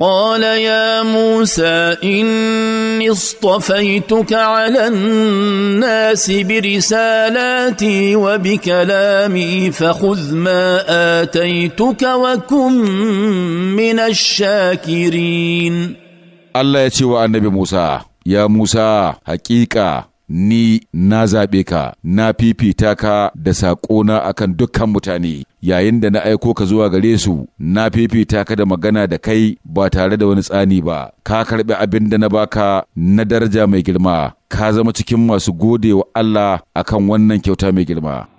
قال يا موسى اني اصطفيتك على الناس برسالاتي وبكلامي فخذ ما اتيتك وكن من الشاكرين الله يتي النبي موسى يا موسى حقيقه ni na zaɓe ka na fifita ka da saƙona kan dukkan mutane yayin da na aiko ka zuwa gare su na fifita ka da magana da kai ba tare da wani tsani ba ka karɓi abin da na baka na daraja mai girma ka zama cikin masu gode wa Allah a kan wannan kyauta mai girma